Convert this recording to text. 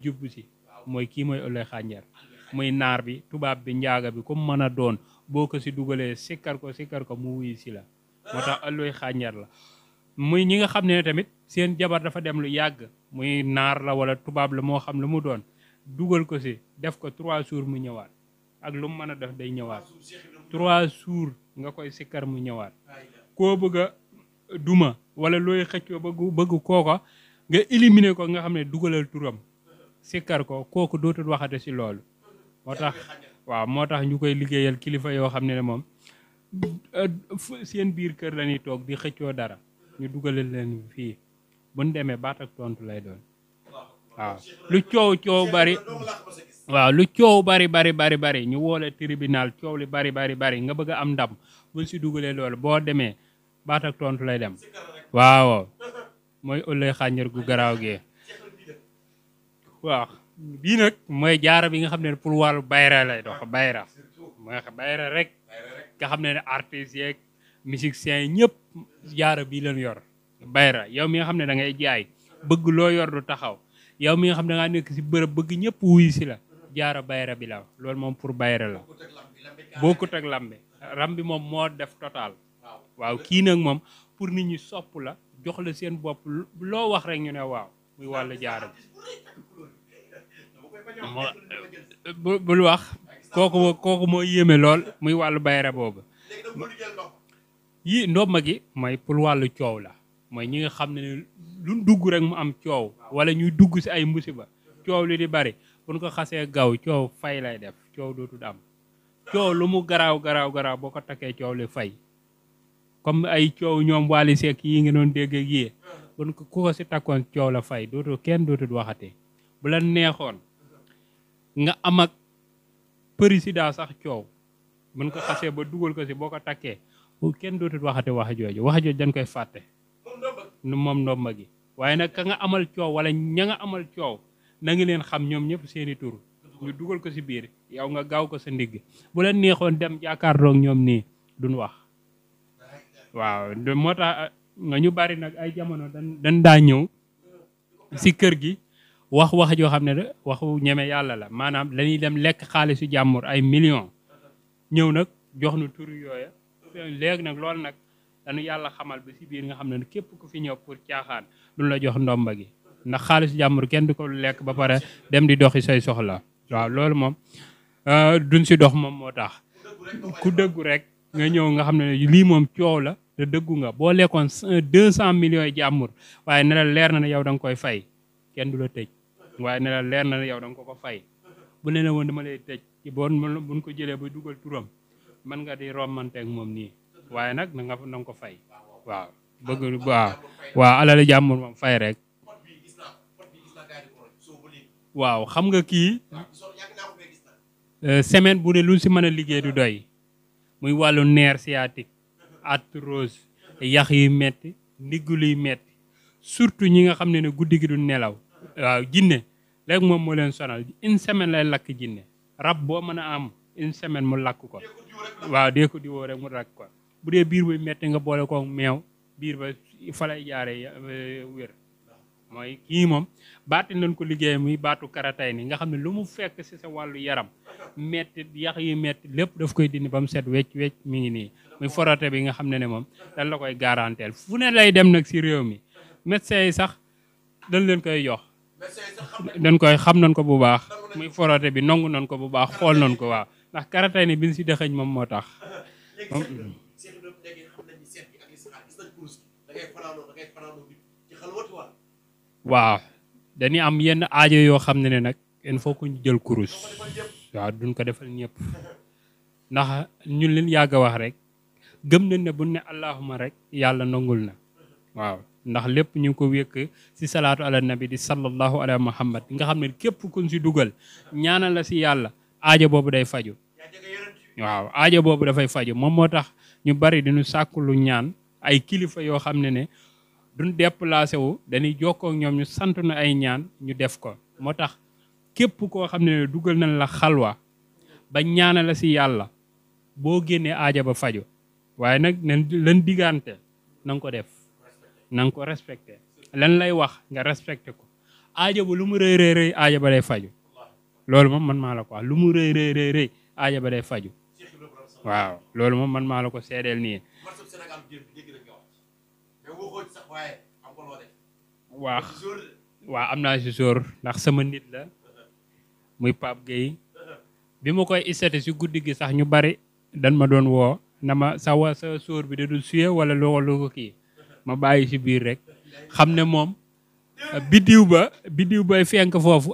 jubbu si mooy kii mooy ëllëg xànjar muy naar bi tubaab bi njaaga bi comme mën a doon boo ko si dugalee sikkar ko sikkar ko mu wuyu si la moo tax ëllëg xànjar la muy ñi nga xam ne tamit seen jabar dafa dem lu yàgg muy naar la wala tubaab la moo xam lu mu doon dugal ko si def ko trois jours mu ñëwaat ak lu mu mën a def day ñëwaat trois jours nga koy sikar mu ñëwaat koo bëgg a wala looy xëccoo bëgg bëgg kooka nga éliminer ko nga xam ne dugalal turam sikkar ko kooku dootul waxatu ci loolu moo tax waaw moo tax ñu koy liggéeyal kilifa yoo xam ne ne moom euh, seen biir kër lañuy toog di xëccoo dara ñu dugale leen fii bu ñu demee baat tontu lay doon waaw lu coow coow bari waaw lu bari bari bari bari ñu woole tribunal coow li bari bari bari nga bëgg a am ndam buñ si dugalee loolu boo demee baat tontu lay dem waaw mooy ëllëg xàññar gu garaaw gee waaw bii nag mooy jaara bi nga xam ne pour wàllu bayra lay dox bayra mooy bayra rek nga xam ne ne artistes yeeg musiciens yi ñëpp jaara bii leen yor bayra yow mi nga xam ne da ngay jaay bëgg loo yor du taxaw yow mi nga xam ne da nekk si bërëb bëgg ñëpp wuyu si la jaara bayra bi la lool moom pour bayra la bokkut ak lambe ram bi moom moo def total waaw kii nag moom pour nit ñu sopp la jox seen bopp loo wax rek ñu ne waaw muy wàllu jaara bi bu bul wax kooku kooku moo yéeme lool muy wàllu bayra boobu yii ndoom ma gi mooy pour wàllu coow la mooy ñi nga xam ne lu dugg rek mu am coow wala ñuy dugg si ay musiba coow li di bari bu ñu ko xasee gaw coow fay lay def coow dootu am coow lu mu garaaw garaaw garaaw boo ko takkee coow li fay comme ay coow ñoom Wally Seck yi nga doon dégg ak bu ko ku ko si takkoon coow la fay dootu kenn dootul waxatee bu la neexoon nga am ak président sax coow mën ko xasee ba dugal ko si boo ko takkee kenn dootul waxate wax jooju wax jooju dañ koy fàtte moom ndomba gi waaye nag ka nga amal coow wala ña nga amal coow na ngi leen xam ñoom ñëpp seeni tur ñu dugal ko si biir yow nga gaaw ko sa ndigg bu leen neexoon dem jàkkaarloog ñoom nii duñ wax waaw moo tax ah, nga ñu bari nag ay jamono dan dan daa ñëw si kër gi wax wax joo xam ne de waxu ñeme yàlla la maanaam dañuy dem lekk xaalisu jàmbur ay millions ñëw nag jox nu tur yooya léegi nag loolu nag dañu yàlla xamal ba si biir nga xam ne képp ku fi ñëw pour caaxaan lu la jox ndomba gi ndax xaalisu jàmbur kenn du ko lekk ba pare dem di doxi say soxla waaw loolu moom euh, duñ si dox moom moo tax ku dëggu rek nga ñëw nga xam ne lii moom coow la te dëggu nga boo lekkoon deux cent millions yi jàmbur waaye ne la leer na ne yow da nga koy fay kenn du la tëj waaye ne leer na yow da nga ko ko fay bu ne la woon dama lay tëj ci bon buñ ko jëlee ba dugal turam mën nga di romanteeg moom nii waaye nag na nga na nga fay waaw bëgg waaw waaw alal fay rek waaw xam nga kii euh, semaine bu ne lu si mën a liggéey du doy muy wàllu neer sciatique arthrose yax yu metti ndigg luy metti surtout ñi nga xam ne ne guddi gi du nelaw waaw jinne léegi moom moo leen sonal une semaine lay lakk jinne rab boo mën a am une semaine mu lakk ko waaw dee ko di woo rek mu lakk ko bu dee biir buy metti nga boole ko meew biir ba fa lay jaare wér mooy kii moom baati nañ ko liggéey muy baatu karatay ni nga xam ne lu mu fekk ci sa wàllu yaram metti yax yi metti lépp daf koy dindi ba mu set wecc wecc mi ngi nii muy forote bi nga xam ne ne moom dañ la koy garanteel fu ne lay dem nag ci réew mi médecin yi sax dañ leen koy jox dañ koy xam nañ ko bu baax muy forote bi nangu nañ ko bu baax xool nañ ko waaw ndax karatay ni biñ si moom moo tax waaw dañuy am yenn aajo yoo xam ne ne nag il faut jël kurus waaw duñ ko defal ñépp ndax ñun leen yàgg wax rek gëm nañ ne buñ ne allahuma rek yàlla nangul na waaw ndax lépp ñu ko wékk si salaatu ala nabi di sallallahu ala muhammad nga xam ne képp kuñ si dugal ñaanal la si yàlla aaja boobu day faju waaw aaja boobu dafay faju moom moo tax ñu bari diñu sàkku lu ñaan ay kilifa yoo xam ne ne duñ déplacé wu dañuy jokkoo ak ñoom ñu sant na ay ñaan ñu def ko moo tax képp koo xam ne dugal nañ la xalwa ba ñaana la si yàlla boo génnee aaja ba faju waaye nag len diggante na ko def na ko respecté lan lay wax nga respecté ko aajo bu lu mu rëy aajo ba day faju loolu moom man maa la ko lu mu rëy rëy rëy rëy aajo ba day faju waaw loolu moom man maa la ko seedeel nii waaw waaw am naa si jour ndax sama nit la muy Pape Gueye bi ma koy isate si guddi gi sax ñu bari dan ma doon woo na ma sa wa sa sóor bi da du suye wala loolu ko kii ma bàyyi ci biir rek xam ne moom biddiw ba biddiw bay fenk foofu